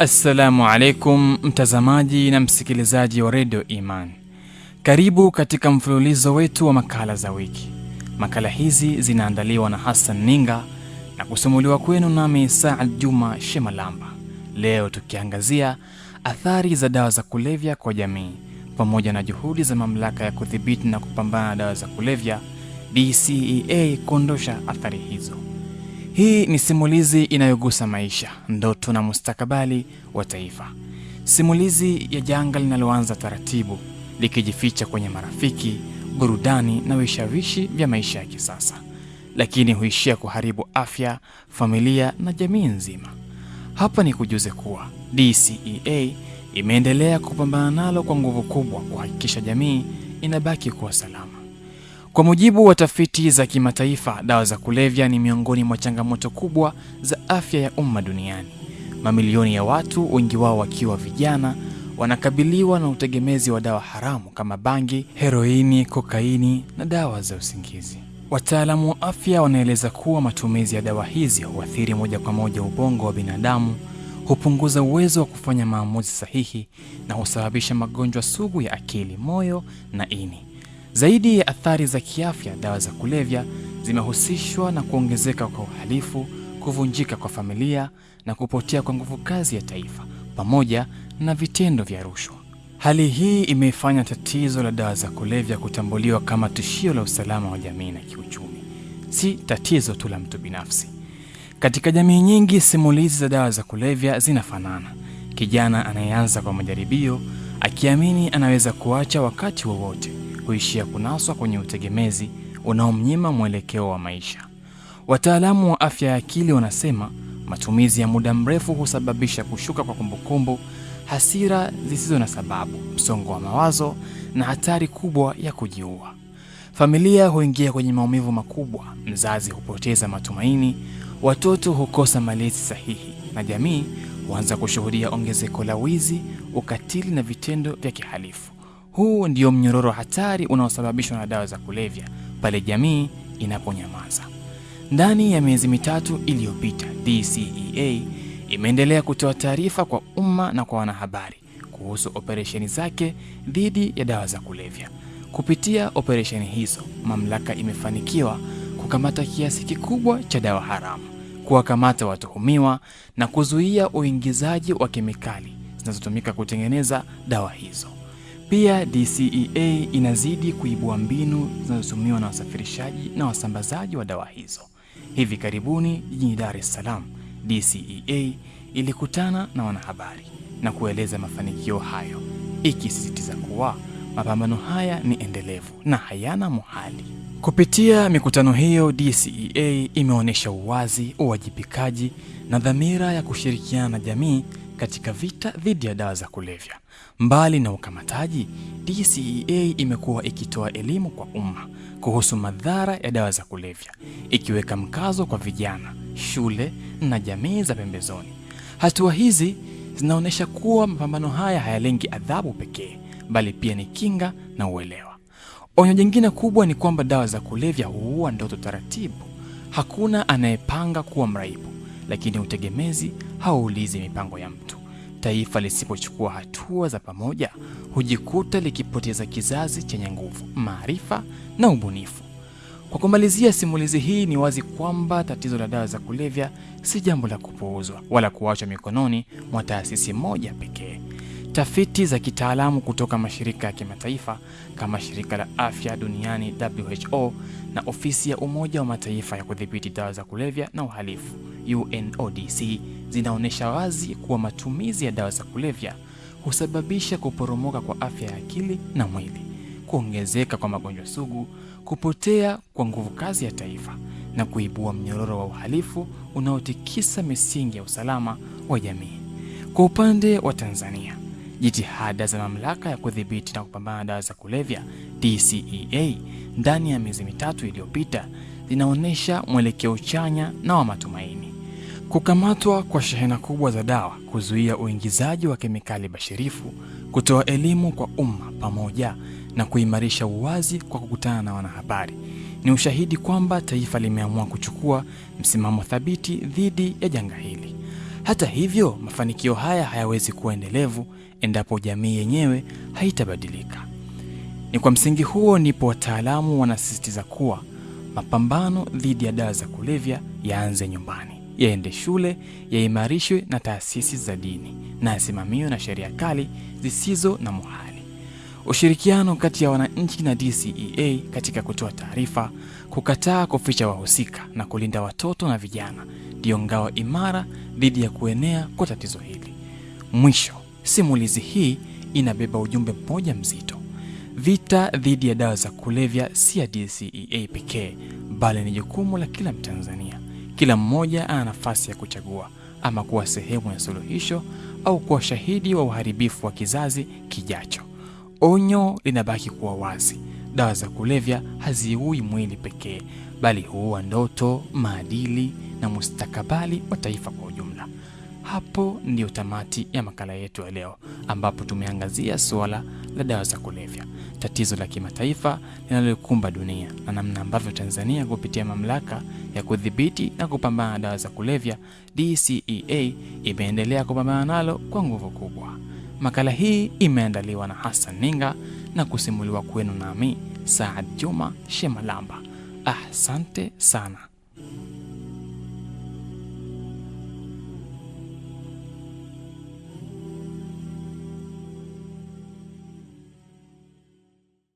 Assalamu alaikum mtazamaji na msikilizaji wa redio Iman, karibu katika mfululizo wetu wa makala za wiki. Makala hizi zinaandaliwa na Hassan Ninga na kusumuliwa kwenu nami Saad Juma Shemalamba. Leo tukiangazia athari za dawa za kulevya kwa jamii pamoja na juhudi za mamlaka ya kudhibiti na kupambana na dawa za kulevya DCEA kuondosha athari hizo. Hii ni simulizi inayogusa maisha, ndoto na mustakabali wa taifa. Simulizi ya janga linaloanza taratibu likijificha kwenye marafiki, burudani na vishawishi vya maisha ya kisasa, lakini huishia kuharibu afya, familia na jamii nzima. Hapa ni kujuze kuwa DCEA imeendelea kupambana nalo kwa nguvu kubwa kuhakikisha jamii inabaki kuwa salama. Kwa mujibu wa tafiti za kimataifa, dawa za kulevya ni miongoni mwa changamoto kubwa za afya ya umma duniani. Mamilioni ya watu, wengi wao wakiwa vijana, wanakabiliwa na utegemezi wa dawa haramu kama bangi, heroini, kokaini na dawa za usingizi. Wataalamu wa afya wanaeleza kuwa matumizi ya dawa hizi huathiri moja kwa moja ubongo wa binadamu, hupunguza uwezo wa kufanya maamuzi sahihi na husababisha magonjwa sugu ya akili, moyo na ini. Zaidi ya athari za kiafya, dawa za kulevya zimehusishwa na kuongezeka kwa uhalifu, kuvunjika kwa familia na kupotea kwa nguvu kazi ya taifa pamoja na vitendo vya rushwa. Hali hii imeifanya tatizo la dawa za kulevya kutambuliwa kama tishio la usalama wa jamii na kiuchumi, si tatizo tu la mtu binafsi. Katika jamii nyingi, simulizi za dawa za kulevya zinafanana: kijana anayeanza kwa majaribio akiamini anaweza kuacha wakati wowote wa huishia kunaswa kwenye utegemezi unaomnyima mwelekeo wa maisha. Wataalamu wa afya ya akili wanasema matumizi ya muda mrefu husababisha kushuka kwa kumbukumbu, hasira zisizo na sababu, msongo wa mawazo na hatari kubwa ya kujiua. Familia huingia kwenye maumivu makubwa, mzazi hupoteza matumaini, watoto hukosa malezi sahihi, na jamii huanza kushuhudia ongezeko la wizi, ukatili na vitendo vya kihalifu. Huu ndio mnyororo hatari unaosababishwa na dawa za kulevya pale jamii inaponyamaza. Ndani ya miezi mitatu iliyopita, DCEA imeendelea kutoa taarifa kwa umma na kwa wanahabari kuhusu operesheni zake dhidi ya dawa za kulevya. Kupitia operesheni hizo, mamlaka imefanikiwa kukamata kiasi kikubwa cha dawa haramu, kuwakamata watuhumiwa na kuzuia uingizaji wa kemikali zinazotumika kutengeneza dawa hizo. Pia DCEA inazidi kuibua mbinu zinazotumiwa na wasafirishaji na wasambazaji wa dawa hizo. Hivi karibuni jijini Dar es Salaam, DCEA ilikutana na wanahabari na kueleza mafanikio hayo, ikisisitiza kuwa mapambano haya ni endelevu na hayana muhali. Kupitia mikutano hiyo, DCEA imeonyesha uwazi, uwajibikaji na dhamira ya kushirikiana na jamii katika vita dhidi ya dawa za kulevya. Mbali na ukamataji, DCEA imekuwa ikitoa elimu kwa umma kuhusu madhara ya dawa za kulevya, ikiweka mkazo kwa vijana, shule na jamii za pembezoni. Hatua hizi zinaonyesha kuwa mapambano haya hayalengi adhabu pekee, bali pia ni kinga na uelewa. Onyo jingine kubwa ni kwamba dawa za kulevya huua ndoto taratibu. Hakuna anayepanga kuwa mraibu, lakini utegemezi hauulizi mipango ya mtu. Taifa lisipochukua hatua za pamoja hujikuta likipoteza kizazi chenye nguvu, maarifa na ubunifu. Kwa kumalizia simulizi hii, ni wazi kwamba tatizo la dawa za kulevya si jambo la kupuuzwa wala kuachwa mikononi mwa taasisi moja pekee. Tafiti za kitaalamu kutoka mashirika ya kimataifa kama Shirika la Afya Duniani WHO na Ofisi ya Umoja wa Mataifa ya Kudhibiti Dawa za Kulevya na Uhalifu UNODC zinaonyesha wazi kuwa matumizi ya dawa za kulevya husababisha kuporomoka kwa afya ya akili na mwili, kuongezeka kwa magonjwa sugu, kupotea kwa nguvu kazi ya taifa na kuibua mnyororo wa uhalifu unaotikisa misingi ya usalama wa jamii. Kwa upande wa Tanzania, jitihada za mamlaka ya kudhibiti na kupambana na dawa za kulevya DCEA ndani ya miezi mitatu iliyopita zinaonyesha mwelekeo chanya na wa matumaini. Kukamatwa kwa shehena kubwa za dawa, kuzuia uingizaji wa kemikali bashirifu, kutoa elimu kwa umma, pamoja na kuimarisha uwazi kwa kukutana na wanahabari ni ushahidi kwamba taifa limeamua kuchukua msimamo thabiti dhidi ya janga hili. Hata hivyo, mafanikio haya hayawezi kuwa endelevu endapo jamii yenyewe haitabadilika. Ni kwa msingi huo ndipo wataalamu wanasisitiza kuwa mapambano dhidi ya dawa za kulevya yaanze nyumbani yaende shule, yaimarishwe na taasisi za dini na yasimamiwe na sheria kali zisizo na muhali. Ushirikiano kati ya wananchi na DCEA katika kutoa taarifa, kukataa kuficha wahusika na kulinda watoto na vijana ndiyo ngao imara dhidi ya kuenea kwa tatizo hili. Mwisho, simulizi hii inabeba ujumbe mmoja mzito. Vita dhidi ya dawa za kulevya si ya DCEA pekee, bali ni jukumu la kila Mtanzania. Kila mmoja ana nafasi ya kuchagua ama kuwa sehemu ya suluhisho au kuwa shahidi wa uharibifu wa kizazi kijacho. Onyo linabaki kuwa wazi: dawa za kulevya haziui mwili pekee, bali huua ndoto, maadili na mustakabali wa taifa kwa ujumla. Hapo ndiyo tamati ya makala yetu ya leo, ambapo tumeangazia suala la dawa za kulevya, tatizo la kimataifa linalokumba dunia na namna ambavyo Tanzania kupitia mamlaka ya kudhibiti na kupambana na dawa za kulevya DCEA imeendelea kupambana nalo kwa nguvu kubwa. Makala hii imeandaliwa na Hassan Ninga na kusimuliwa kwenu nami Saad Juma Shemalamba. Asante ah, sana.